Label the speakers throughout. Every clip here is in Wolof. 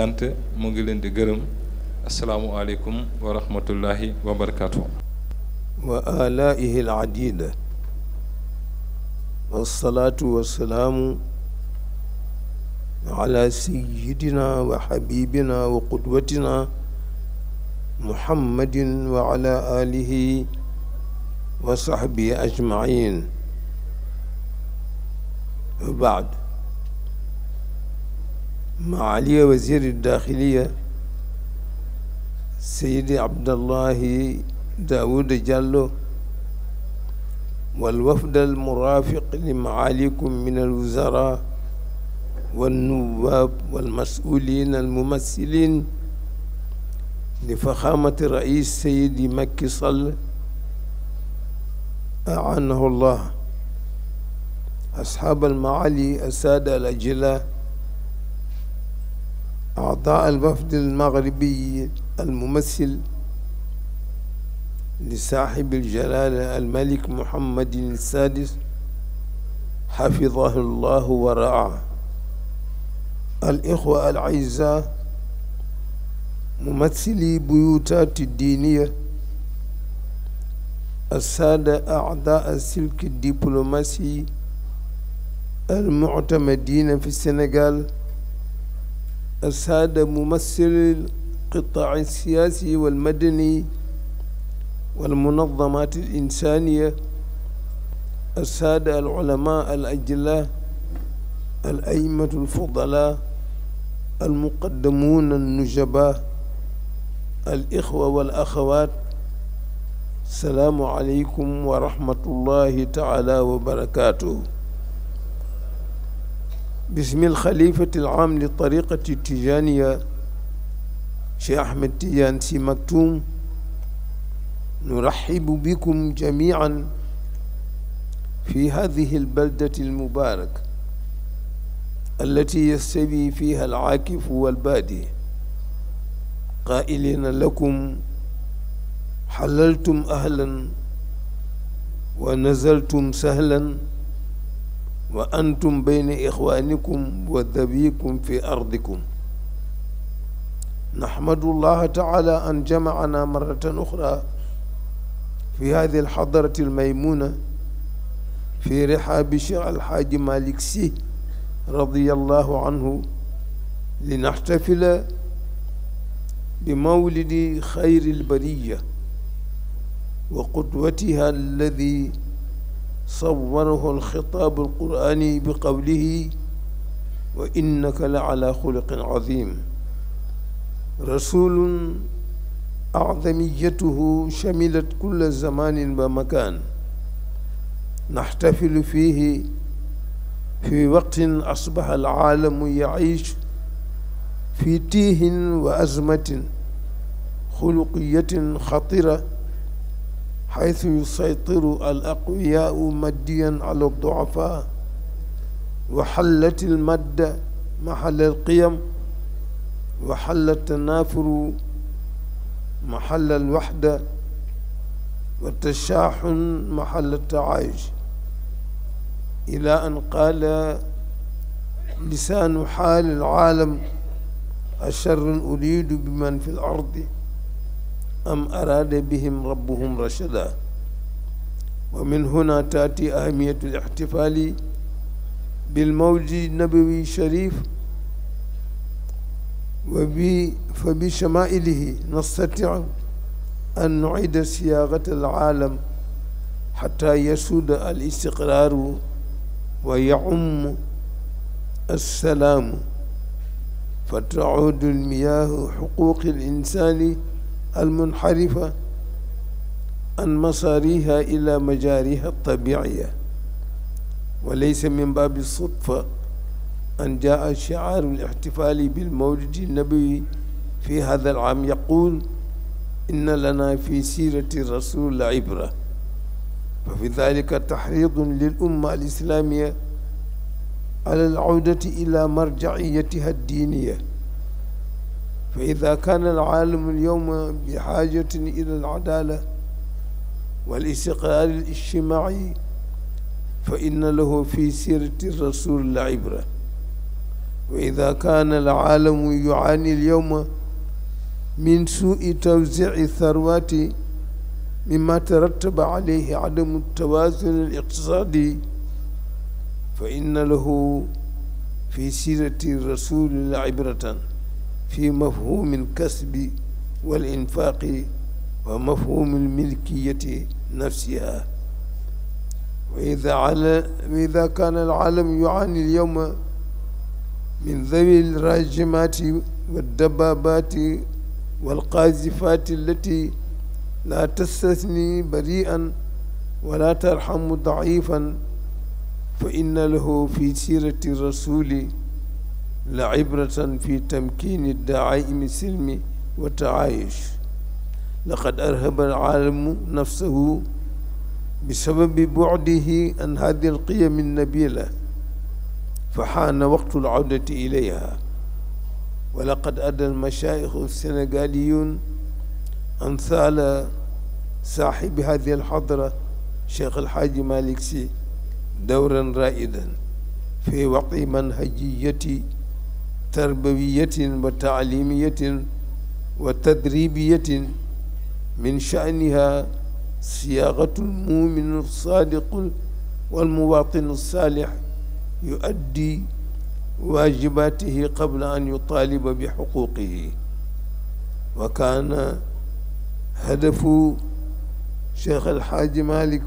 Speaker 1: sant mu ngi leen di gërëm asalaamualeykum wa rahmatullahi wa barakaatu. wa alaa'ihi al-adiida wassalaatu wassalaamu ala sayyidina wa xabibina wa qudwatina muhammadin wa ala aalihi wa saxbihi ajmain wa baad maaliya waziri daaxiliya seydi abdallahi daawuda jàllo والوفد المرافق لمعاليكم من الوزراء والنواب والمسؤولين الممثلين لفخامة رئيس سيد مكي صل أعنه الله أصحاب المعالي السادة الأجلاء أعضاء الوفد المغربي الممثل لصاحب الجلالة الملك محمد السادس حفظه الله ورعاه الإخوة الأعزاء ممثلي بيوتات الدينية السادة أعضاء السلك الدبلوماسي المعتمدين في السنغال أسهاد ممثل القطاع السياسي والمدني والمنظمات الإنسانية السادة العلماء الأجلاء الأئمة الفضلاء المقدمون النجباء الإخوة والأخوات السلام عليكم ورحمة الله تعالى وبركاته باسم الخليفة العام للطريقة التجانية شيخ أحمد تيجان سي مكتوم نرحب بكم جميعا في هذه البلدة المباركة التي يستوي فيها العاكف والبادي قائلين لكم حللتم أهلا ونزلتم سهلا wa antum bayna ixwaanikum wa dabiikum fi ardikum naxmadu llaha taala an jamacana marratan uxra fi hadi alxadarati almaymuna fi rixaabi cheikh alxaaji malik si radi allahu anhu linaxtafila bi mawlidi xayri albariya wa qudwatiha alladi صوره الخطاب القرآني بقوله وإنك لعلى خلق عظيم رسول أعظميته شملت كل زمان ومكان نحتفل فيه في وقت أصبح العالم يعيش في تيه وأزمة خلقية خطرة حيث يسيطر الأقوياء مديا على الضعفاء وحلت المادة محل القيم وحل التنافر محل الوحدة والتشاحن محل التعايش إلى أن قال لسان حال العالم الشر أريد بمن في الأرض am araada bihim rabbuhum rachada wa min huna taati ahamiyatu lixtifaali bilmawdi nabawi sharif wa bi fa bi shamailihi nastatiu an nuida siyaagata alaalam xata yasuuda al istiqraaru wa yaum alsalaamu fa taudu almiyaahu xuquqi alinsani المنحرفة عن مسارها إلى مجاريها الطبيعية وليس من باب الصدفة أن جاء شعار الاحتفال بالمولد النبوي في هذا العام يقول إن لنا في سيرة الرسول عبرة ففي ذلك تحريض للأمة الإسلامية على العودة إلى مرجعيتها الدينية fa ida kaana alaalamu alyowma bi xaajatin ila alcadaala walistiqraari alijtimaaci fa inna lahu fi siirati rasul la ibra wa ida kaana alaalamu yucaani alyowma min suui tawzici tharwaati mima tarattaba alayhi cadamu tawaasun aliqtisaadi fa inna lahu fi siirati rasuli la ibratan fi mafhumi alkasbi walinfaaqi wa mafhumi almilkiyati nafsiha wa ida kaana alaalam yucaani alyawma min dhawi alrajimaati waddabaabaati walqaazifaati allati laa tastasni bari'an wala tarxamu daciifan fa inna lahu fi siirati rasuli la ibratan fi tamkini daaimi silmi wa taayush laqad arhaba alaalamu nafsahu bisababi budihi an hadi alqiyami nabila fa xaana waqtu alawdati ilayha wa laqad ada almashaayixu alsenegaliyun amthaala saaxibi hadi alxadra cheikh alxaaji malik si dawran raidan fi waqti manhajiyati tarbawiyatin wa taalimiyatin wa tadribiyatin min sha'niha siyaaqatu lmuuminu saadiqu walmuwaatinu saalix yuaddi waajibaatihi qabla an yutaaliba bi xuquuqihi wa kaana hadafu cheikh alxaaji malik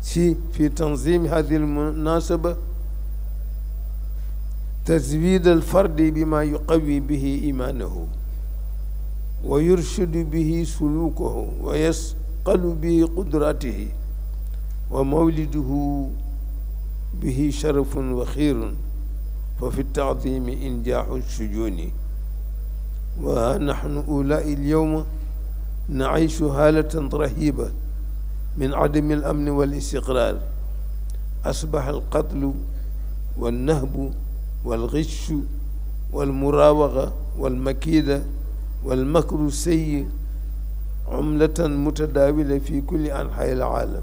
Speaker 1: si fi tanzim hadihi almunasaba تزويد الفرد بما يقوي به إيمانه ويرشد به سلوكه ويسقل به قدراته ومولده به شرف وخير ففي التعظيم إنجاح الشجون
Speaker 2: ونحن
Speaker 1: أولاء اليوم نعيش هالة رهيبة من عدم الأمن والاستقرار أصبح القتل والنهب والغش والمراوغة والمكيدة والمكر السيء عملة متداولة في كل أنحاء العالم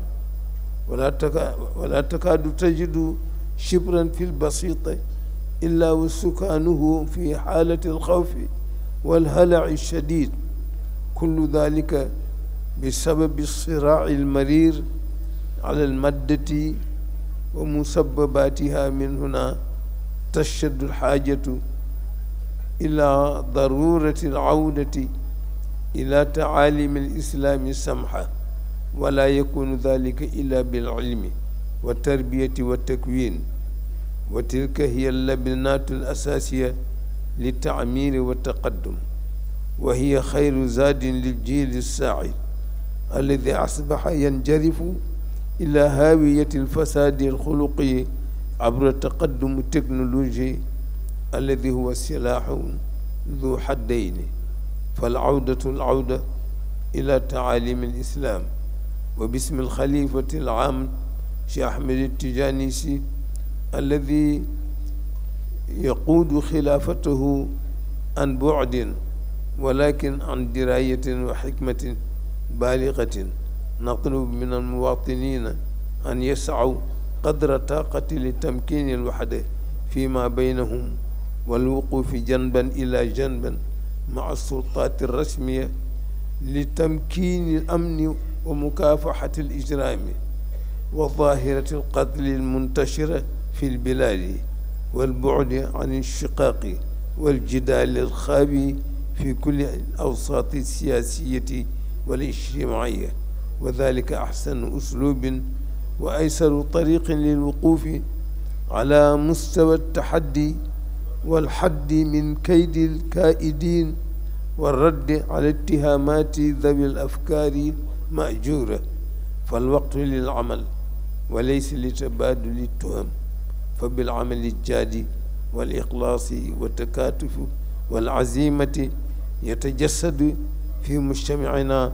Speaker 1: ولا تكاد ولا تكاد تجد شبرا في البسيطة إلا وسكانه في حالة الخوف والهلع الشديد كل ذلك بسبب الصراع المرير على المادة ومسبباتها من هنا تشتد الحاجة إلى ضرورة العودة إلى تعاليم الإسلام السمحة ولا يكون ذلك إلا بالعلم والتربية والتكوين وتلك هي اللبنات الأساسية للتعمير والتقدم وهي خير زاد للجيل الساعد الذي أصبح ينجرف إلى هاوية الفساد الخلقي abra taqaddumu technologie alladi huwa silaahu du xaddayni fal awdatu l awda ila taalim al islaam wa bismi al xalifati al aam cheikh ahmed tijaani si alladi yaquudu xilaafatahu an bucdin walakin an diraayatin wa xikmatin baaligatin naqlubu min almuwaatinina an yascaw qadra taqati li tamkini alwaxda fi ma baynahum walwuqufi janban ila janban maa sultaati rasmiya li tamkini al amni wa mukaafaxati al ijraami wa daahirati al qatli al muntashira fi al bilaadi wal bucdi an inchiqaaqi wal jidaali al xaabi fi kulli awsaati siyaasiyati wal ijtimaaiya wa dalika axsanu uslubin wa aysaru tariqin lilwuqufi ala mustawa ltaxaddi walxaddi min kaydi lkaaidin walraddi ala ittihaamaati dawi alafkaari majuura falwaqtu lilamal wa laysa litabaaduli tuham fa bilamali jaadi waliqlaasi waltakaatufi walazimati yatajasadu fi mujtamicina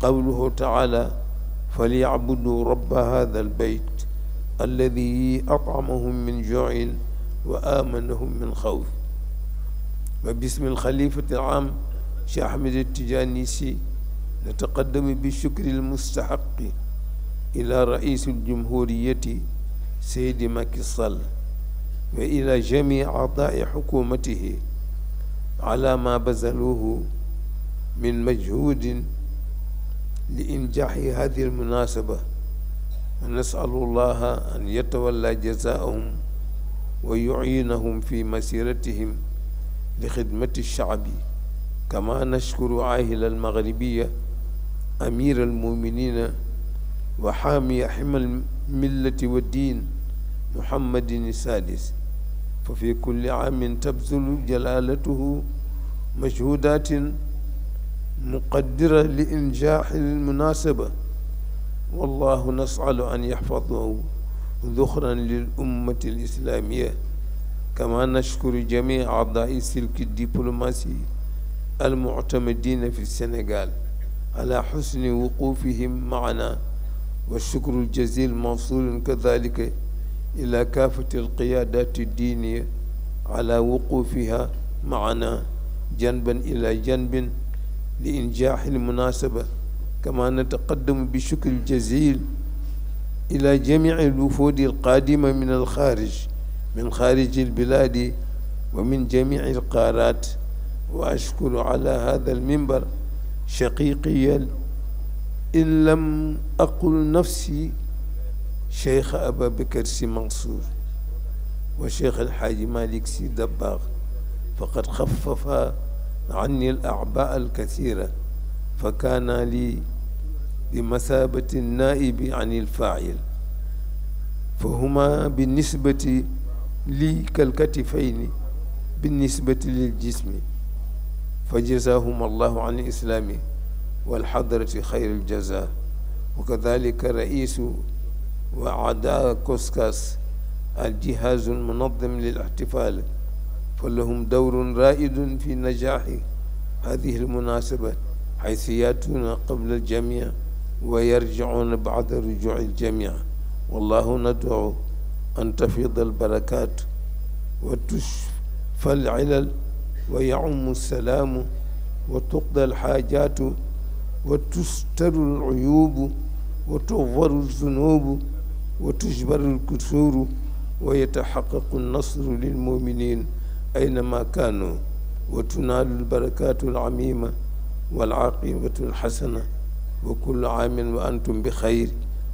Speaker 1: qawluhu taala falyacbuduu rabba hada albeyt alladi atcamahum min juin wa amanahum min xawf wa bismi alxalifati alam Cheikh Ahmed Tidiane Sy nataqaddamu bi shukri almustahaqi ila raisi aljumhuriyati Seydi Macky Sall wa ila jamici aadaai xukumatihi ala ma bazaluhu min majhudin لإنجاح هذه المناسبة نسأل الله أن يتولى جزاءهم ويعينهم في مسيرتهم لخدمة الشعب كما نشكر عاهل المغربية أمير المؤمنين وحامي حمى الملة والدين محمد السادس ففي كل عام تبذل جلالته مجهودات muqaddira li injaaxi lmunasaba wallahu nasalu an yaxfadahu duxran lil ummati lislaamia kama nashkuru jamii aadaai silki diplomasi almuctamadina fi sénégal ala xusni wuqufihim maana wa shukru ljazil mawsulun kadalika ila kaafati alqiyaadati diinia ala wuqufiha maana janban ila janbin li injaaxi lmunasaba kama nataqaddamu bi shukri ljazil ila jamici alwufuudi alqaadima min alxaarij min xaariji albilaadi wa min jamici alqaaraat wa ashkuru ala hada alminbar shaqiqiyan in lam aqul nafsi cheikh Ababacar Sy Mansour wa cheikh alxaaji Malick Sy Dabakh faqad xafafa anni al a'baa al kathira fa kaana lii bi masabati naibi an il fail fa huma bi nisbati lii kalkatifayni bi nisbati lil jismi fa jazahum allahu an islaami walxadrati xayr aljaza wa kadalika raisu wa ada koskas aljihazu almunadim lil ihtifal fa lahum dawrun raidun fi najaaxi hadihi almunasabat xaytu yaatuuna qabla aljamia wa yarjicuuna bacda rujuci aljamia wallahu nadcu an tafida albarakat wa tushfa alcilal wa yacumu alsalaamu wa tuqda alxaajaatu wa tustaru alcuyuubu wa tuxfaru alzunuubu wa tujbaru alkusuuru wa yataxaqaqu alnasru lilmuminin aynama kaanu wa tunaalu albarakaatu alamima walaqibatu alxasana wa kullu aamin wa antum bi xayr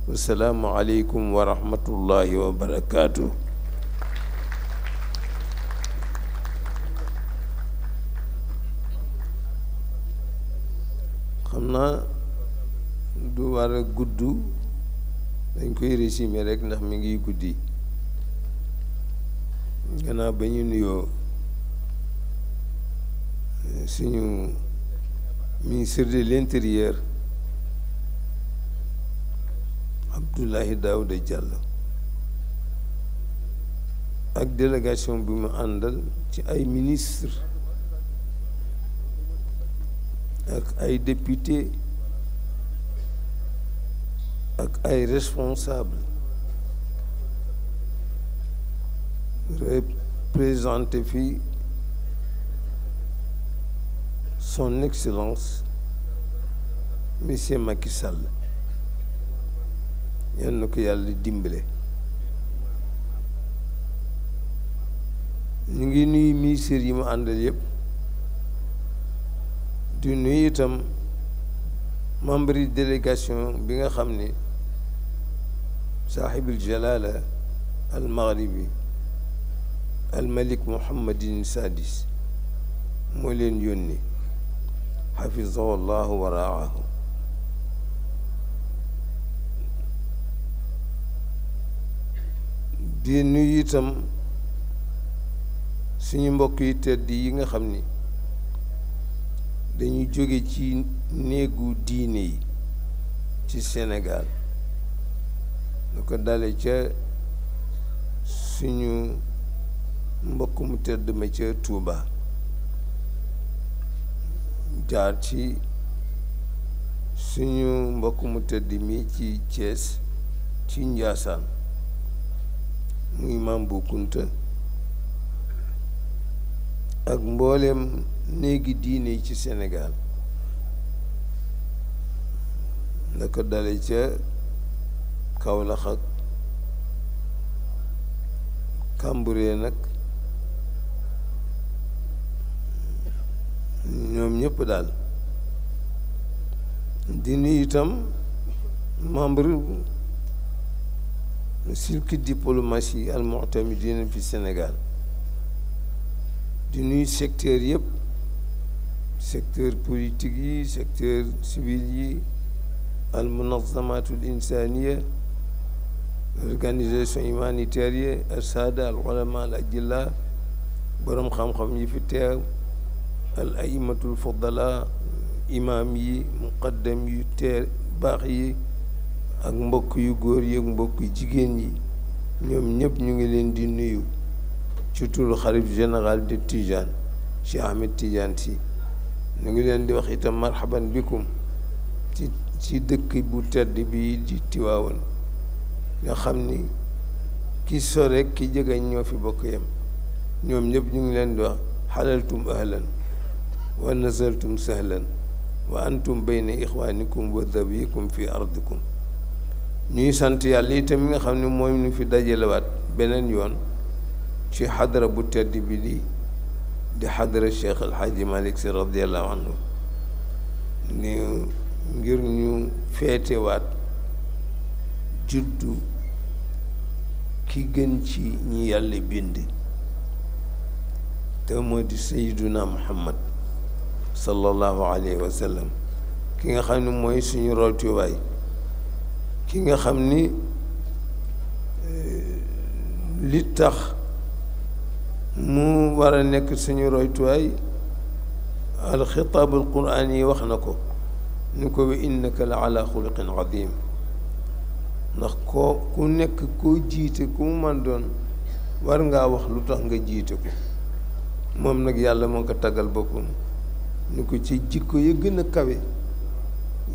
Speaker 1: wasalaamu aleykum wa rahmatullahi wa barakaatu xam naa du war a gudd dañ koy résumer rek ndax mi ngiy guddi gannaaw ba ñu nuyoo suñu ministre de l'intérieur Abdoulaye Daouda Diallo ak délégation bi mu àndal ci ay ministre ak ay député ak ay responsable représenté fii son excellence monsieur Macky Sall yal na yàlla dimbale ñu ngi nuyu ministère yi mu àndal yëpp di nuyu itam membre yi délégation bi nga xam ni saaxibul jalaala al maghribi muhammadin sadis moo leen yónni xafizahu allahu wa raahu di nuyu itam suñu mbokk yi tedd yi nga xam ni dañu jóge ci néegu diine yi ci Sénégal lu ko dale ca suñu mbokk mu tëdd ma ca Tuuba jaar ci suñu mbokk mu tëdd mi ci cees ci Njaasaan muy maam bu Kunta ak mbooleem néegi diine yi ci Sénégal la dale ca Kawlax ak Kamburee nag ñoom ñëpp daal di nuyu itam membre circuit diplomatie al mu'tamidin fi Sénégal di nuyu secteur yëpp secteur politique yi secteur civil yi al munazamatul insaniya organisation humanitaire yi assaada al ulama al ajilla borom xam-xam yi fi teew al aimatul fudala imaam yi muqaddam yu teer baax yi ak mbokk yu góor yi ak mbokk yu jigéen yi ñoom ñëpp ñu ngi leen di nuyu ci turu xalif général de Tijane Cheikh Ahmed Tijane si ñu ngi leen di wax itam marhaban bikum ci ci dëkk bu tedd bi di Tiwaawan nga xam ni ki sore ki jege ñoo fi bokk yam ñoom ñëpp ñu ngi leen di wax xalaltum ahlan wa nazaltum sahlan wa antum bayna ixwaanikum wa dawikum fi ardikum ñuy sant yàlla itam mi nga xam ne mooy ñu fi dajalewaat beneen yoon ci xadara bu tedd bi di di xadara alxaaji malik si radiallahu anhu ni ngir ñu feetewaat juddu ki gën ci ñi yàlla bind te moo di sayyiduna muhammad sallallahu alayhi wa sallam ki nga xam ni mooy suñu roytuwaay ki nga xam ni eh, li tax mu war a nekk suñu roytuwaay alxitaabu alquraan yi wax na ko ni ko wa innaka la ala xuluqin adim ndax koo ku nekk koo jiite ku mu man doon war ngaa wax lu tax nga jiite ko moom nag yàlla moo ko taggal boppam nu ko ci jikko ya gën a kawe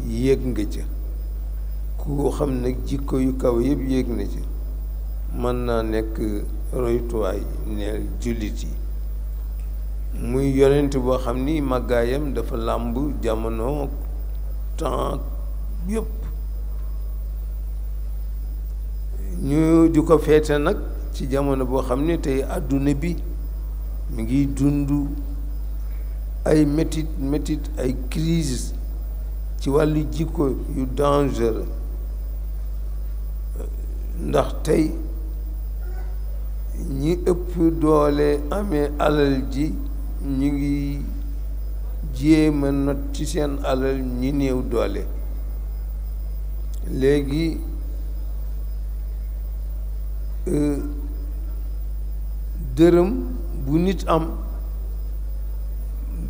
Speaker 1: yéeg nga ca ku xam nag jikko yu kawe yëpp yéeg na ca mën naa nekk roytuwaay neel jullit yi muy yonent boo xam ni màggaayam dafa làmb jamono temps yëpp ñu di ko feete nag ci jamono boo xam ne tey àdduna bi mu ngi dund ay métit métit ay crise ci wàllu jikko yu dangereux ndax tey ñi ëpp doole amee alal ji ñu ngi jéema not ci seen alal ñi néew doole léegi euh, dërëm bu nit am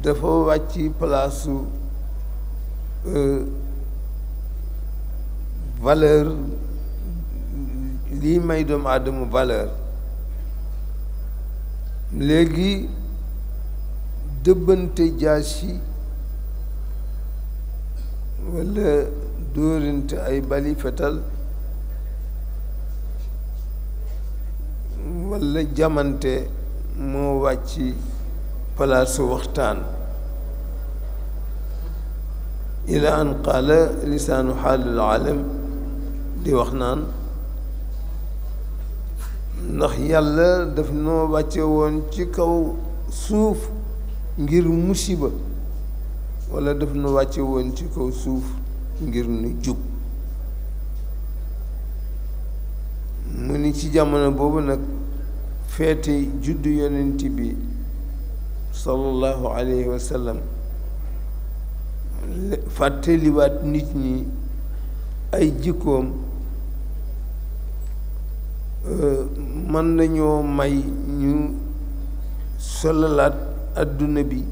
Speaker 1: dafa wàcc palaasu euh, valeur lii may doomu aadama valeur léegi dëbbante jaasi walla dóorinte ay bali fetal walla jamante moo wàcc palaasu waxtaan ila an qaala lisaanu xaalil aalam di wax naan ndax yàlla daf noo wàcce woon ci kaw suuf ngir musiba wala daf nu wàcce woon ci kaw suuf ngir nu jub mu ni ci jamono boobu nag feete juddu yonent bi sallallahu alayhi wa fàttaliwaat nit ñi ay jikkoom euh, mën nañoo may ñu solalaat àdduna bi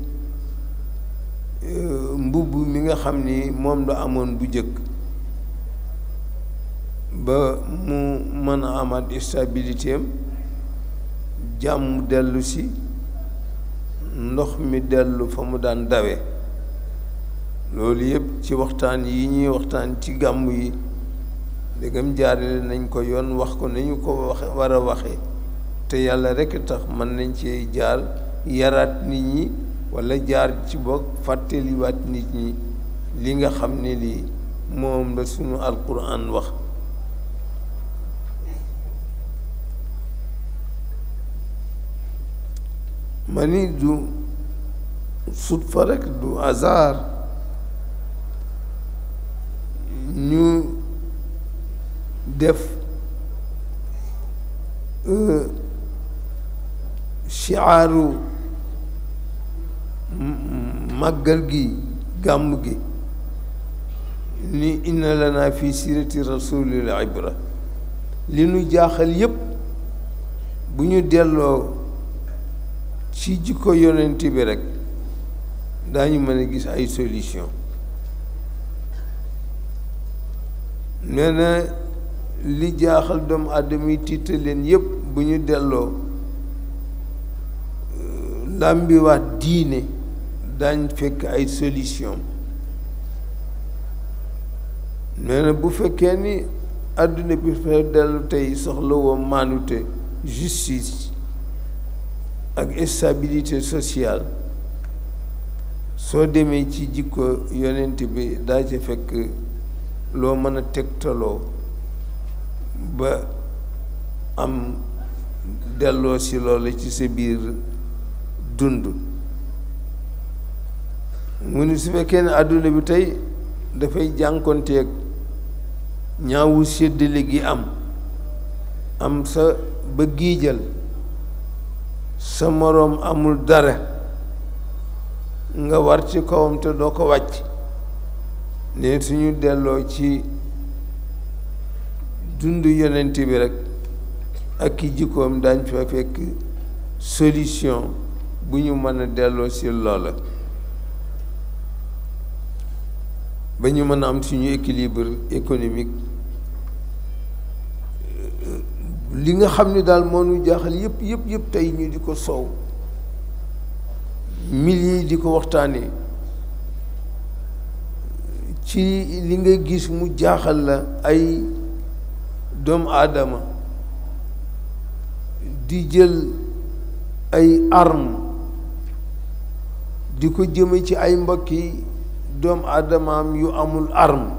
Speaker 1: euh, mbubb mi nga xam ni moom la amoon bu jëkk ba mu mën a amaat stabilité jàmm dellusi ndox mi dellu fa mu daan dawe loolu yëpp ci waxtaan yi ñuy waxtaan ci gàmm yi dëggam jaarale nañ ko yoon wax ko nañu ko waxe war a waxe te yàlla rekk a tax mën nañ ci jaar yaraat nit ñi walla jaar ci bokk fàttaliwaat nit ñi li nga xam ne lii moom la suñu alquran wax ma ni du sut fa rekk du hasard ñu def euh, chiaaru màggal gi gàmm gi ni inna naa fi sirati rasulil ibra li nu jaaxal yépp bu ñu delloo ci jikko yonent bi rekk dañu mën a gis ay solution nee li jaaxal doomu aadama yi tiital leen yépp bu ñu delloo euh, làmbi wax diine daañ fekk ay solution nee bu fekkee ni àdduna bi fa dellu tey soxla woo justice ak stabilité sociale soo demee ci jikko yonent bi daa ci fekk loo mën a tegtaloo ba am delloo si loolu ci sa biir dund mu ni su fekkee ne àdduna bi tey dafay jànkonteeg ñaawu séddale gi am am sa ba giijal sa moroom amul dara nga war ci kawam te doo ko wàcc ne suñu delloo ci dund yonent bi rek ak ki jikkoom daañ fa fekk solution bu ñu mën a delloo si loola ba ñu mën a am suñu équilibre économique euh, li nga xam ni daal moo nu jaaxal yépp yëpp yëpp tey ñu di ko soow milliers yi di ko waxtaanee ci li nga gis mu jaaxal la ay doomu adama di jël ay arme di ko jëme ci ay mbokki doomu aadamaam yu amul arme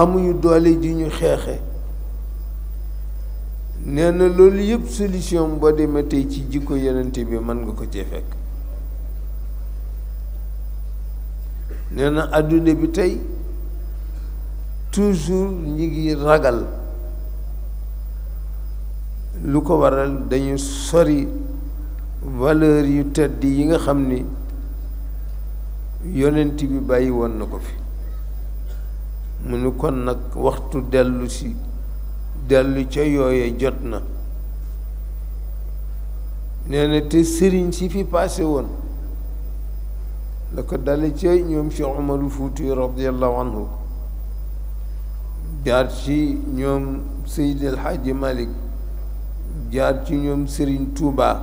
Speaker 1: amuñu doole ji ñu xeexe nee na loolu yëpp solution boo demee tey ci jikko yenente bi mën nga ko cee fekk nee na bi tey toujours ñi ngi ragal lu ko waral dañu sori valeur yu tedd yi nga xam ni yonent bi bàyyi woon na ko fi mu ni kon nag waxtu dellu si dellu ca yooye jot na nee na te sëriñ si fi paase woon la ko dale ci ñoom Cheikh Umarul Fuuti jaar ci ñoom sëriñ El Hadji Malick jaar ci Touba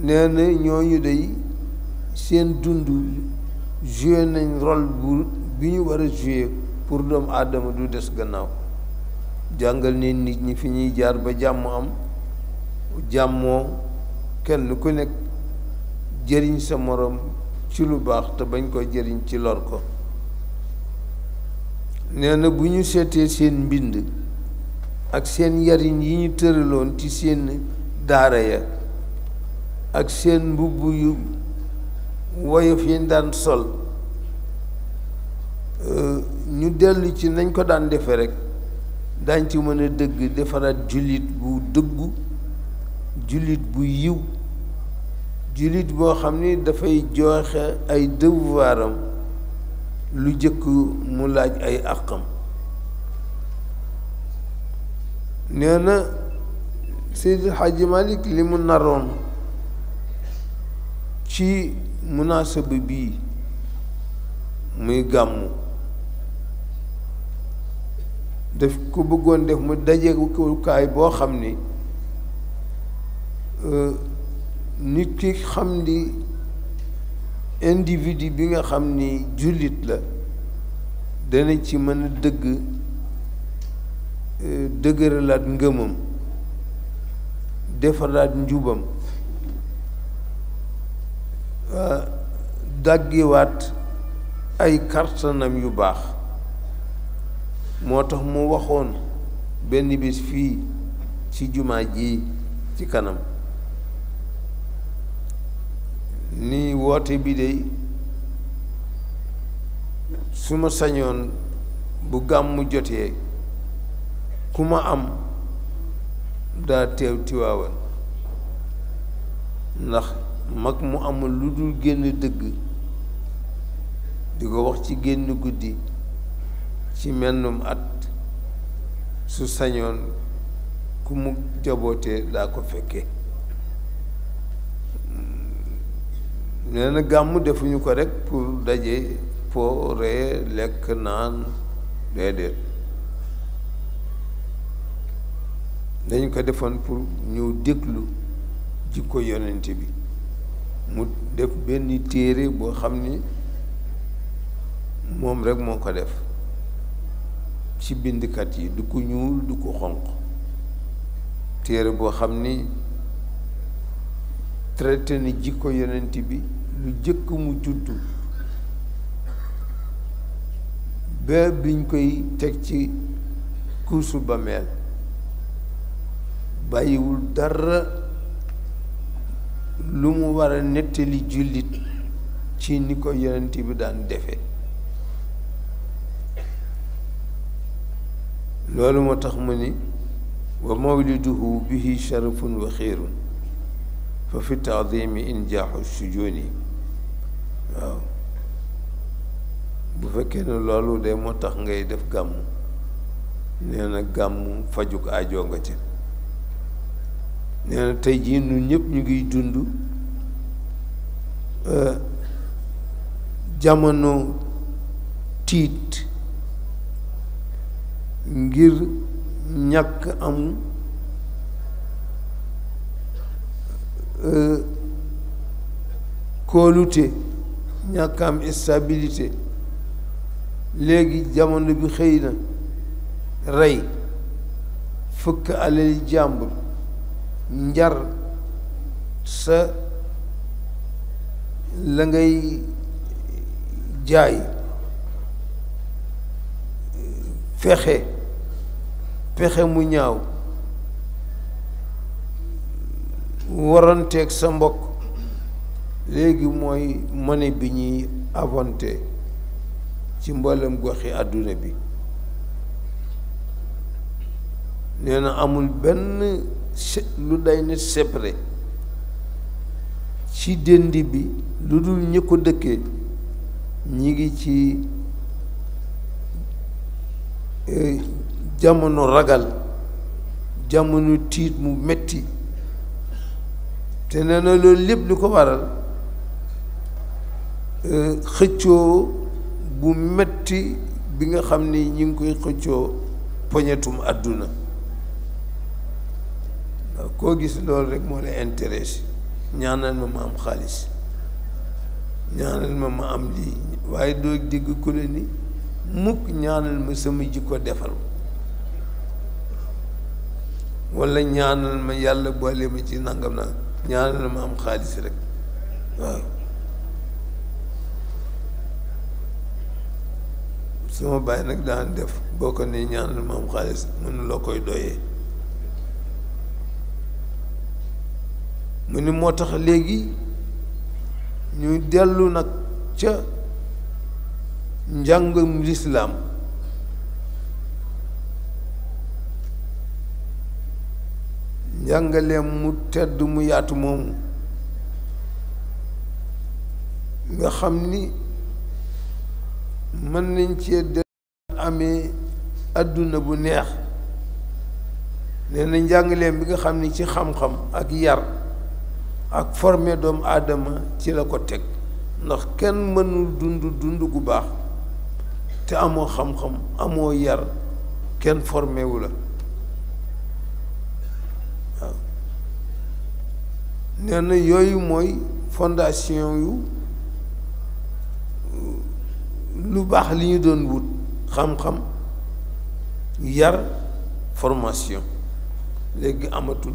Speaker 1: nee na ñooñu seen dund joué nañ rôle bu bi ñu war a joué pour doomu aadama du des gannaaw jàngal ne nit ñi fi ñuy jaar ba jàmm am jàmmoo kenn ku nekk jëriñ sa moroom ci lu baax te bañ ko jëriñ ci lor ko nee na bu ñu seetee seen mbind ak seen yariñ yi ñu tëraloon ci seen daara ya ak seen mbubb yu woyof yi daan sol eh, ñu dellu ci nañ ko daan defe rekk daañ ci mën a dëgg defaraat jullit bu dëggu jullit bu yiw jullit boo xam ni dafay joxe ay devoiram lu jëkk mu laaj ay àqam nee na Seydi Hadji Malick li mu naroon ci munaasaba bii muy gàmmu daf ko bëggoon def mu daje ko kaay boo xam ni euh, nit ki xam ni individe bi nga xam ni jullit la dana ci mën a dëgg euh, dëgëralaat ngëmam defaraat njubam dàggiwaat ay kartanam yu baax moo tax mu waxoon benn bis fii ci jumaa ji ci kanam ni woote bi dey su ma sañoon bu gàmmu jotee ku ma am daa teew tiwaawan ndax mag mu amul lu dul génn dëgg di ko wax ci génn guddi ci mennum at su sañoon ku mu jabootee daa ko fekke nee na gàmm defuñu ko rek pour daje po ree lekk naan déedéet dañu ko defoon pour ñëw déglu jikko yonent bi mu def benn téere boo xam ni moom rekk moo ko def ci bindkat yi du ko ñuul du ko xonq téere boo xam ni traité ni jikko yonent bi lu jëkk mu juddu ba biñ koy teg ci kuusu ba meel bàyyiwul dara lu mu war a nettali jullit ci ni ko yonent bi daan defe loolu moo tax mu ni wa mawliduhu bihi sharafun wa xiirun fa taadimi injaaxu sujooni waaw bu fekkee ne loolu de moo tax ngay def gàmm nee na gàmm fajuk ajoo nga ci nee na tey jii ñun ñëpp ñu ngiy dund e, jamono tiit ngir ñàkk am e, kóolute ñàkk am léegi jamono bi xëy na rey fukk alali jàmbur njar sa la ngay jaay fexe fexe mu ñaaw waranteeg sa mbokk léegi mooy monnaie bi ñuy inventé ci mboolem goxi àdduna bi nee na amul benn lu day ne sepré ci dënd bi lu dul ñi ko dëkkee ñi ngi ci eh, jamono ragal jamono tiit mu metti te nee na loolu lépp lu ko waral xëccoo bu metti bi nga xam ni ñu ngi koy xëccoo poñetum àdduna koo gis loolu rek moo la intéressé ñaanal ma ma am xaalis ñaanal ma ma am lii waaye doo dégg ku ne ni mukk ñaanal ma sama jikko defal walla ñaanal ma yàlla boole ma ci nangam na ñaanal ma am xaalis rek waaw suma bàyyi nag daan def boo ko ni ñaanal moom xaalis mënuloo koy doyee mu ni moo tax léegi ñu dellu nag ca njàngum lislaam njàngaleem mu tedd mu yaatu moomu nga xam ni mën nañ ci de amee àdduna bu neex nee na bi nga xam ni ci xam-xam ak yar ak forme doomu aadama ci la ko teg ndax kenn mënul dund dund gu baax te amoo xam-xam amoo yar kenn formé wu la waaw nee yooyu mooy fondation yu lu baax li ñu doon wut xam-xam yar formation léegi amatul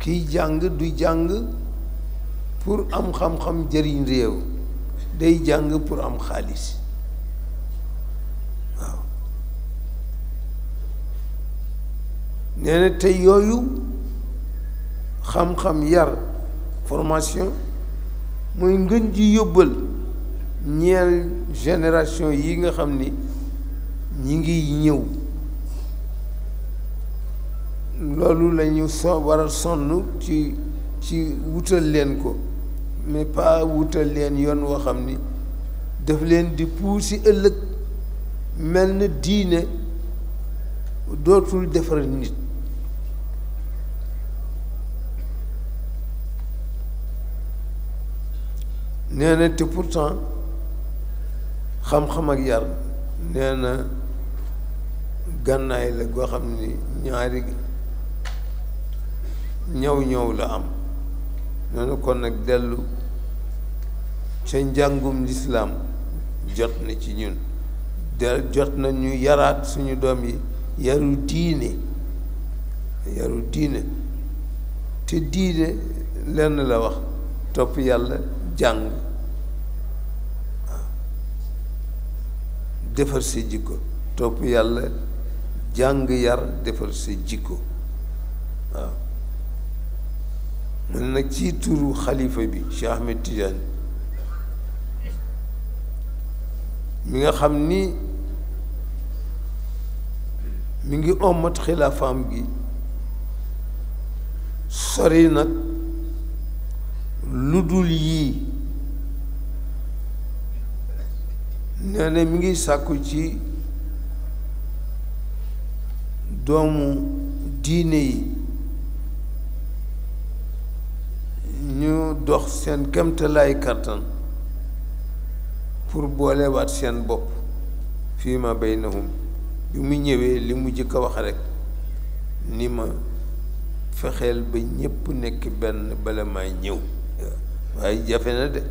Speaker 1: kiy jàng du jàng pour am xam-xam jëriñ réew day jàng pour am xaalis waaw nee na te yooyu xam-xam yar formation mooy ngën ji yóbbal ñeel génération yi nga xam ni ñi ngi ñëw loolu lañu so war a sonn ci ci wutal leen ko mais pas wutal leen yoon woo xam ni daf leen di puusi ëllëg mel na diine dootul defar nit nee te pourtant xam-xam ak yar nee na gànnaay la goo xam ni ñaari ñëw-ñëw la am nee na kon nag dellu ca njàngum lislaam jot na ci ñun de jot na ñu yaraat suñu doom yi yaru diine yaru diine te diine lenn la wax topp yàlla jàng defar sa jikko topp yàlla jàng yar defar sa jikko waaw mu nag ci turu xalifa bi Cheikh Ahmed Tidiane mi nga xam ni mu ngi ommat xilaafaam gi sori nag lu dul yii nee na mi ngi sàkku ci doomu diine yi ñu dox seen kemtalaay kàttan pour boolewaat seen bopp fii ma baynahum bi mu ñëwee li mu jëkk a wax rekk ni ma fexeel ba ñépp nekk benn bala may ñëw waaye jafe na de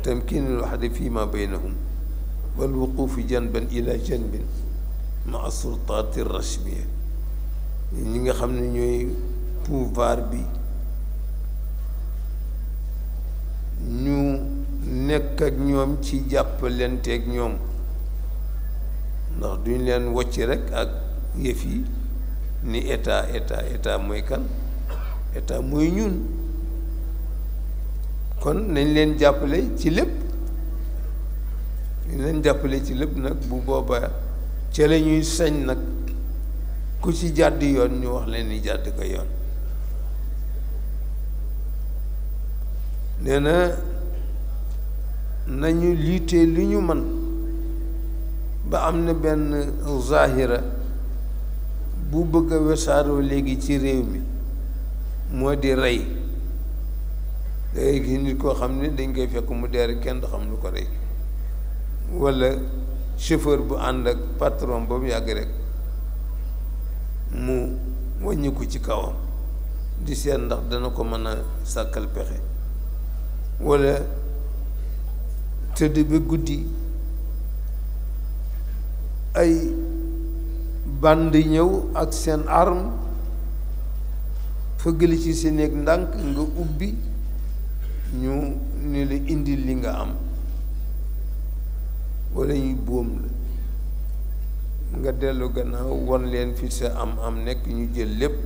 Speaker 1: tamkinul waxdi fii ma baynahum wal wuquufu janban ila janbin ma sultaati rasmiya ñi nga xam ne ñooy pouvoir bi ñu nekk ak ñoom ci jàppalante ak ñoom ndax duñ leen wocc rek ak yëf yi ni état état état mooy kan état mooy ñun kon nañ leen jàppale ci lépp nañ leen jàppale ci lépp nag bu booba ca la ñuy sañ nag ku ci jàdd yoon ñu wax leen ni jàdd ko yoon nee na nañu liite li ñu man ba am na benn zahira bu bëgg a wesaaroo léegi ci réew mi moo di rey dangay gis nit koo xam ne dañ koy fekk mu dee rek kenn du xam lu ko rey walla chauffeur bu ànd ak patron ba mu yàgg rek mu wàññiku ci kawam di seet ndax dana ko mën a sàkkal pexe walla tëdd ba guddi ay band ñëw ak seen arm fëggali ci sa néeg ndànk nga ubbi ñu ni la indi li nga am wala ñu boom la nga dellu gannaaw wan leen fi sa am am nekk ñu jël lépp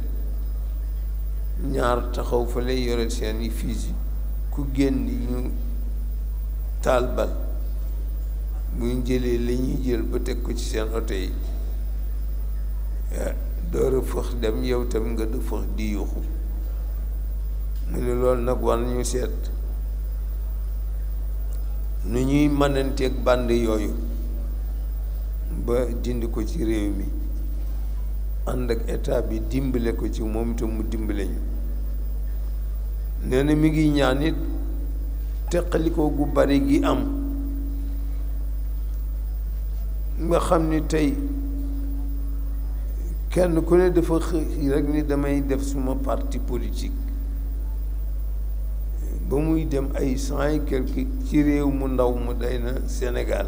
Speaker 1: ñaar taxaw fa lay yore seen i fiis ku génn ñu taal bal bu ñu jëlee li ñuy jël ba teg ko ci seen oto yi eh, door fëx dem yow tam nga du fëx di yuuxu mu ne loolu nag war nañu seet nu ñuy mënanteeg band yooyu ba dindi ko ci réew mi ànd ak état bi dimbale ko ci moom te mu dimbale ñu nee mi ngi ñaan it teqalikoo gu bari gi am nga xam ni tey kenn ku ne dafa xëy rek ni damay def suma parti politique ba muy dem ay cent et ci réew mu ndaw mu day na Sénégal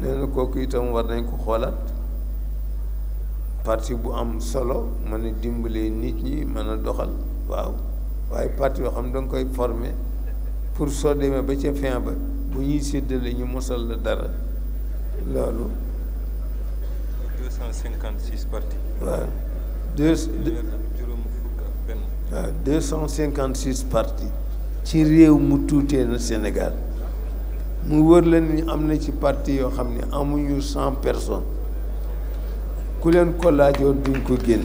Speaker 1: nee na kooku itam war nañ ko xoolaat parti bu am solo mën a dimbalee nit ñi mën a doxal waaw waaye parti yoo xam da nga koy former pour soo demee ba ca fin ba bu ñuy séddalee ñu mosal la dara loolu. deux cent cinquante six waaw waaw euh, deux cent cinquante ci réew mu tuutee na Sénégal mu wër la ni am na ci parti yoo xam ne amuñu cent personnes ku leen ko laajoon duñ ko génne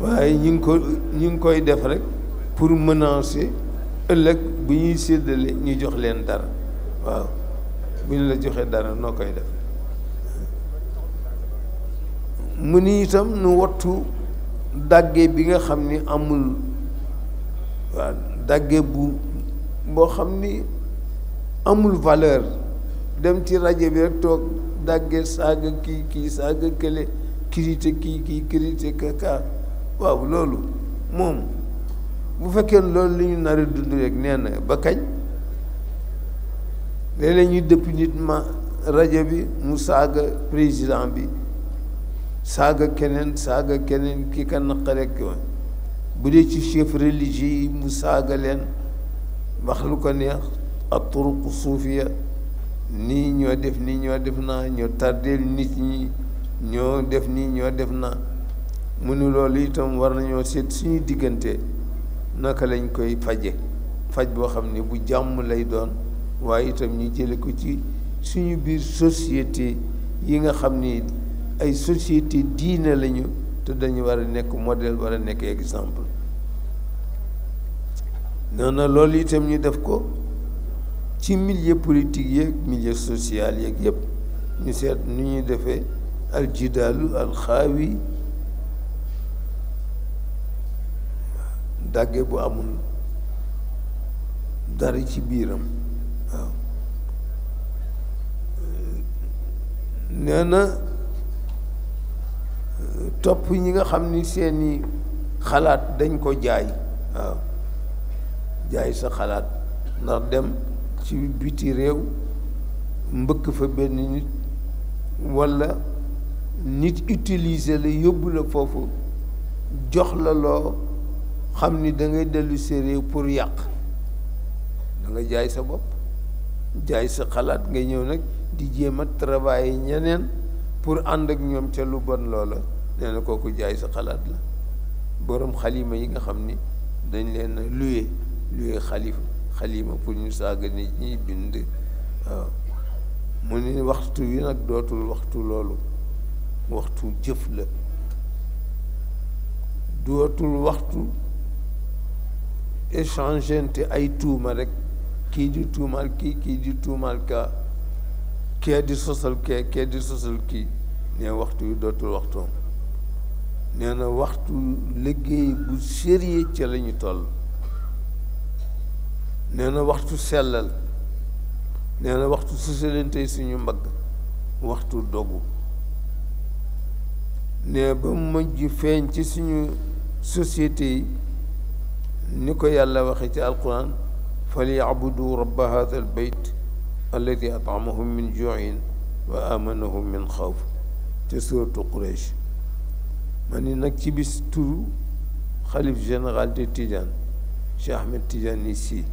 Speaker 1: waaye ñu ngi ko ñu ngi koy def rek pour menacer ëllëg bu ñuy séddale ñu jox leen dara waaw bu ñu la joxee dara noo koy def mu ni itam nu wattu dàgge bi nga xam ni amul waa dàgge bu xam ni amul valeur dem ci rajo bi rek toog dàgge saaga kii kii saaga kële kirite kii kii kirite kaka waaw loolu moom bu fekkee loolu li ñu nar a dund rek nee na ba kañ léeg-léeg ñu dëpp nit ma rajo bi mu saaga président bi saaga keneen saaga keneen ki ka naqare ki woon bu dee ci chef religieux yi mu saaga leen wax lu ko neex ak turuq suufiya nii ñoo def nii ñoo def naa ñoo tardeel nit ñi ñoo def nii ñoo def naa mënuloo ne itam war nañoo seet suñu diggante naka lañ koy faje faj boo xam ne bu jàmm lay doon waaye itam ñu jële ko ci suñu biir société yi nga xam ni ay société diine lañu te dañu war a nekk modèle war a nekk exemple noonu loolu itam ñu def ko ci milieu politique yeeg milieu social yeeg yëpp ñu seet nu ñuy defee aljidaalu alxaawi dagge bu amul dara ci biiram waaw euh, nee topp ñi nga xam ni seeni xalaat dañ ko jaay waaw jaay sa xalaat ndax dem ci biti réew mbëkk fa benn nit walla nit utiliser la yóbbu la foofu jox la loo xam ni dangay ngay dellu sa réew pour yàq danga jaay sa bopp jaay sa xalaat nga ñëw nag di jéem a travailler ñeneen pour ànd ak ñoom ca lu bon loola nee kooku jaay sa xalaat la boroom xalima yi nga xam ni dañ leen luye luye xalif xalima pour ñu saaga ni ñi bind waaw mu ni waxtu yi nag dootul waxtu loolu waxtu jëf la dootul waxtu échangeante ay tuuma rek kii di tuumaal kii kii di tuumaal kaa kee di sosal kee kee di sosal kii ne waxtu wi dootul waxtoom nee na waxtu liggéey bu sérieux ca la ñu toll nee na waxtu sellal nee na waxtu susalante suñu mbagg waxtu dogu ne ba mujj feeñ ci suñu société yi ni ko yàlla waxe ci alquran falyabudu rabba hadha al beyt alladi atamahum min juin wa amanahum min xawf te suratu quraish ma nag ci bis turu xalif général de Tidiane Cheikh Ahmed Tidiane Sy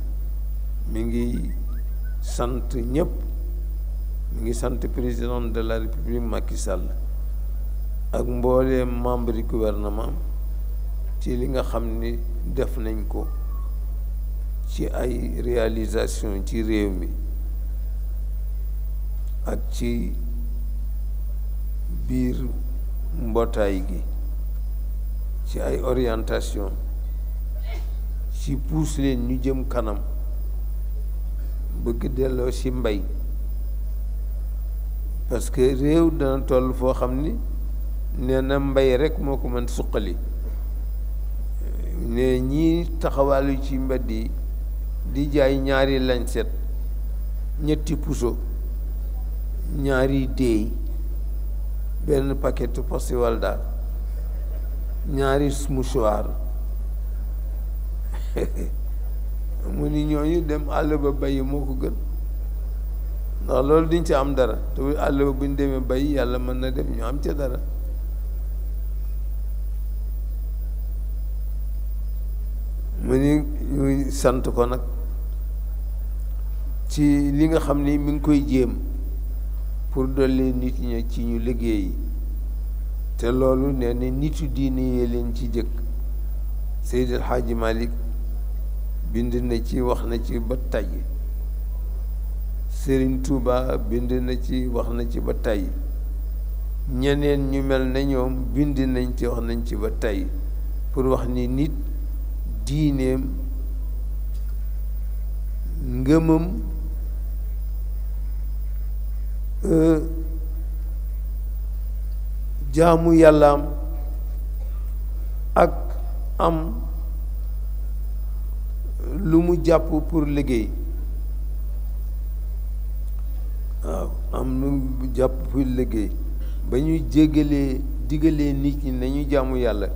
Speaker 1: mi ngi sant ñëpp mi ngi sant président de la république Macky Sall ak mboole membre yi gouvernement ci li nga xam ni def nañ ko ci ay réalisation ci réew mi ak ci biir mbootaay gi ci ay orientation ci puus leen ñu jëm kanam bëgg delloo ci mbay parce que réew dana toll foo xam ni nee na mbay rekk moo ko mën suqali ne ñi taxawaalu ci mbedd yi di jaay ñaari lañset ñetti puso ñaari déey benn paquetu postiwal daal ñaari mouchoir mu ni ñooñu dem àll ba bayi moo ko gën ndax loolu duñ ci am dara te àll ba buñ demee bayi yàlla mën na dem ñu am ca dara mu ni ñuy sant ko nag ci li nga xam ni mi ngi koy jéem pour dolli nit ñi ci ñu liggéey te loolu nee na yu diine yee leen ci jëkk Seydi El Hadji bind na ci wax na ci ba tàyyi Serigne Touba bind na ci wax na ci ba tàyyi ñeneen ñu mel na ñoom bind nañ ci wax nañ ci ba tàyyi pour wax ni nit diineem ngëmam euh, jaamu yàllaam ak am lu mu jàpp pour liggéey waaw am lu mu jàpp pour liggéey ba ñu jégalee digalee nit ñi nañu jaamu yàlla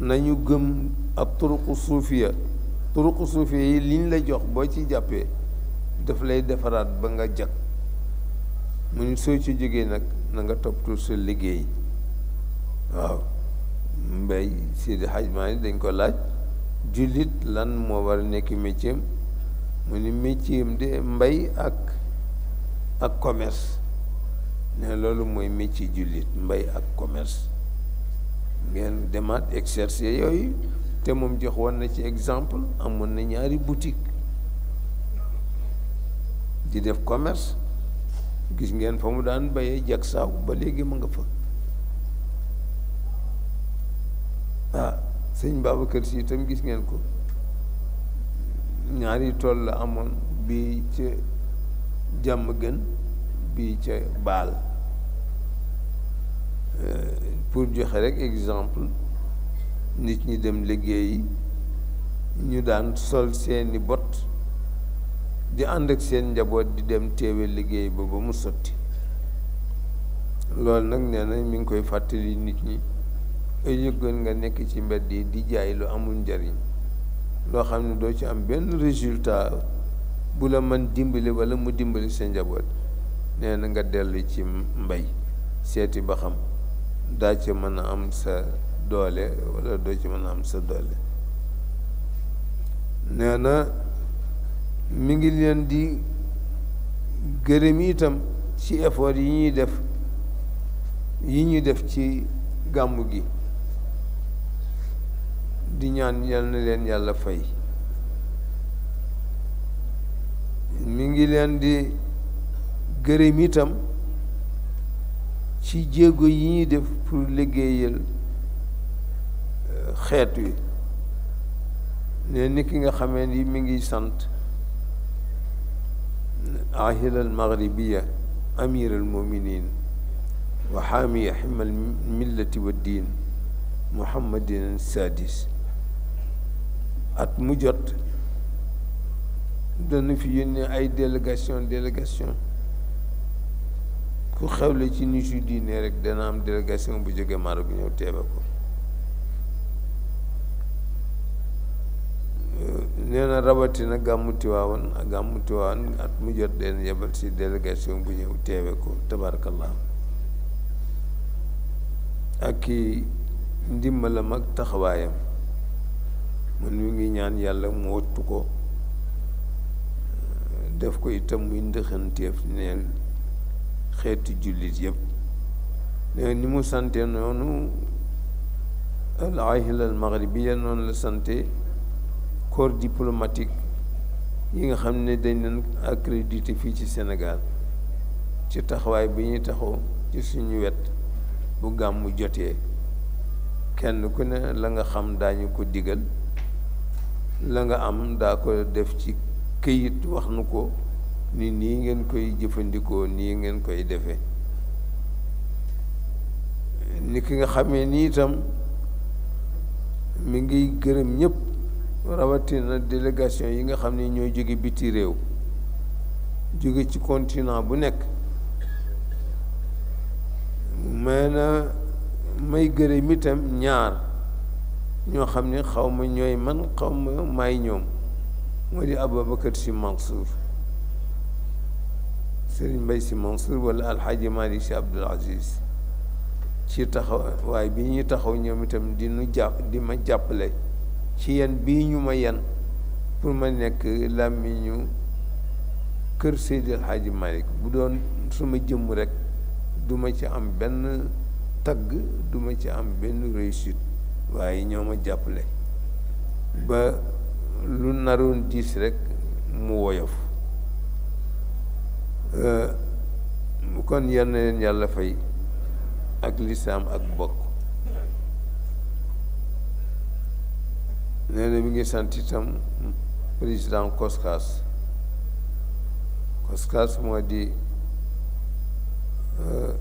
Speaker 1: nañu gëm ab turuqu suufiya turuqu suufiya yi liñ la jox boo ci jàppee daf lay defaraat ba nga jag mu ni soo ci jógee nag na nga toppatoo sa liggéey waaw mbay Seydi Hadj Malick dañ ko laaj jullit lan moo war nekk métier am mu ni métier am de mbay ak ak commerce ne loolu mooy métier jullit mbay ak commerce ngeen demaat exercer yooyu te moom jox woon na ci exemple amoon na ñaari boutique di def commerce gis ngeen fa mu daan béyee jag saaw ba léegi mu nga fa ah sëñ Babacar Si tam gis ngeen ko ñaari tool la amoon bii ca jàmm gën bii ca baal eh, pour joxe rek exemple nit ñi dem liggéey ñu daan sol seeni bot di ànd ak seen njaboot di dem teewe liggéey ba ba mu sotti loolu nag nee na mi ngi koy fàttali nit ñi ay yëggoon nga nekk ci mbedd yi di jaay lu amul njariñ loo xam ne doo ci am benn résultat bu la mën dimbali walla mu dimbali sa njaboot nee nga dellu ci mbay seeti ba xam daa ci mën a am sa doole wala doo ci mën a am sa doole nee mi ngi leen di gërëm itam ci effort yi ñuy def yi ñu def ci gàmmu gi di ñaan yal na leen yàlla fay mi ngi leen di gërëm itam ci jéego yi ñuy def pour liggéeyal euh, xeet wi ne nit ki nga xame ni mi ngi sant عاهل المغربية أمير المؤمنين وحامي حمى الملة والدين محمد السادس at mu jot dana fi yónnee ay délégation délégation ku xewle ci nitu diine rek dana am délégation bu jóge Maroc ñëw teewe ko nee na rawatina gàmmu Tiwaawan ak gàmmu Tiwaawan at mu jot leen yebal ci délégation bu ñëw teewe ko tabarakallah ak i ndimbalam ak taxawaayam man mi ngi ñaan yàlla mu wattu ko def ko itam muy ndëxanteef neen xeeti jullit yëpp nee ni mu sante noonu al ahila al noonu la sante corps diplomatique yi nga xam ne dañ leen accrédité fii ci Sénégal ci taxawaay bi ñu taxaw ci suñu wet bu gàmmu jotee kenn ku ne la nga xam daañu ko digal la nga am daa ko def ci këyit wax nu ko ni nii ngeen koy jëfandikoo nii ngeen koy defee ni ki nga xamee ni itam mi ngi gërëm ñëpp rawatina délégation yi nga xam ni ñooy jóge biti réew jóge ci continent bu nekk may na may gërëm itam ñaar ñoo xam ne xaw ma ñooy man xaw ma maay ñoom moo di Ababacar Sy Mansour Serigne Mbaye Sy Mansour wala Alxaaji Malick Sy Abdoul Aziz ci taxaw waaye bi ñuy taxaw ñoom itam di nu jàpp di ma jàppale ci yan bii ñu ma yan pour ma nekk làmmiñu kër Seydi El Hadji bu doon suma jëmm rek duma ci am benn tagg duma ci am benn réussite waaye ñoo ma jàppale ba lu naroon diis rek mu woyof euh, kon yenn leen yàlla fay ak lislaam ak bokk nee na mi ngi sant itam président COSCAS COSCAS moo di euh,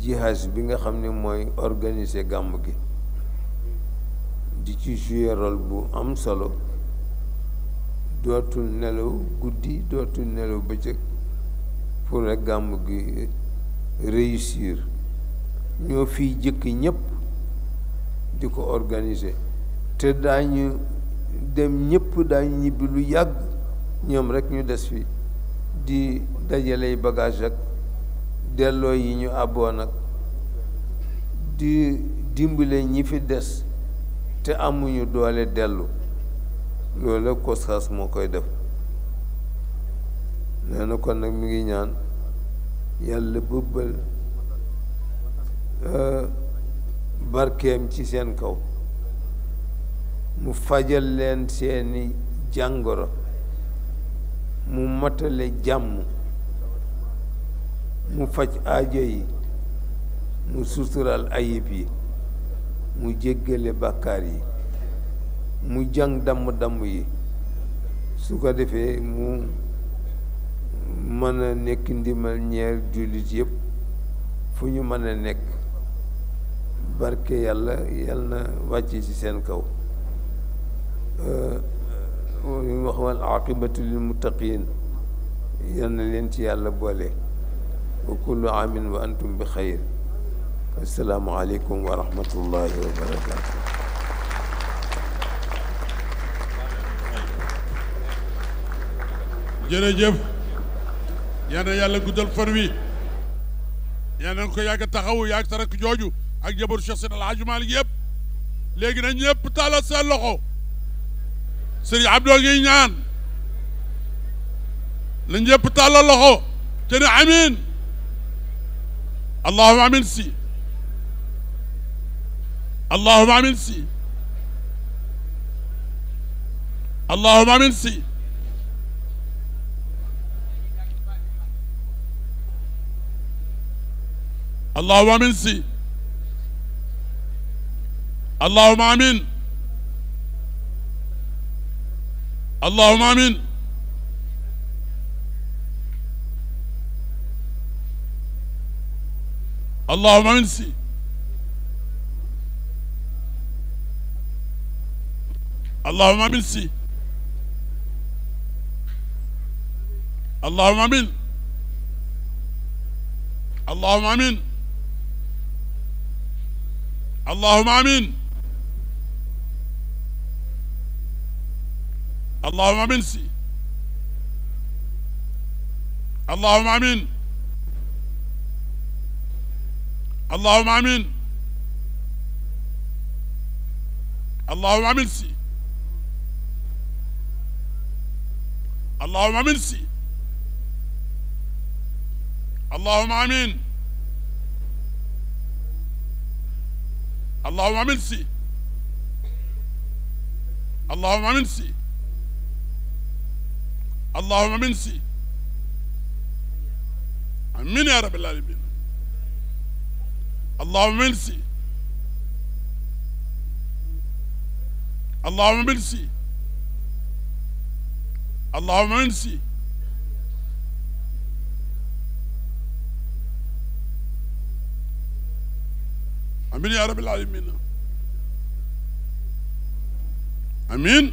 Speaker 1: jihaas bi nga xam ni mooy organiser gàmm gi di ci jouer bu am solo dootul nelaw guddi dootul nelaw bëccëg pour rek gàmm gi réussir ñoo fiy jëkk ñëpp di ko organiser te daañu dem ñëpp daañu ñibbi lu yàgg ñoom rekk ñu des fi di dajale bagage ak delloo yi ñu àbboon nag di dimbale ñi fi des te amuñu doole dellu loolu la kosaas moo koy def nee na kon nag mu ngi ñaan yàlla bëbbal euh, barkeem ci seen kaw mu fajal leen seeni jàngoro mu matale jàmm mu faj aajo yi mu sutural ayib yi mu jéggale bàkkaar yi mu jàng damm-damm yi su ko defee mu mën a nekk ndimal ñeer jullit yëpp fu ñu mën a nekk barke yàlla yàlla na wàcc ci seen kaw ñu wax wal aqibatu lil muttaqin yal na leen ci yàlla boole wa kullu amin wa antum bi xayr assalaamu aleykum wa rahmatullahi wa barakatu
Speaker 2: jërëjëf yal na yàlla guddal far wi yal na ko yàgg taxawu yàgg tarak jooju ak jabaru Cheikh Seydi El Hadji Malick yëpp léegi nag ñëpp tàllal seen loxo sëriñ Abdou ngi ñaan la ñëpp tàllal loxo te ne amin allahuma amin si allahuma amin si allahuma amin si allahuma amin si allahuma amin allahuma amin allahuma amin si allahuma amin si allahuma amin allahuma amin allahuma amin allahuma amin si allahuma amin allahuma amin allahuma amin si allahuma amin si allahuma amin allahuma amin si allahuma amin si allahuma min si amin ya rabbil alamin allahuma min si allahuma min si allahuma min si amin ya rabbil alamin amin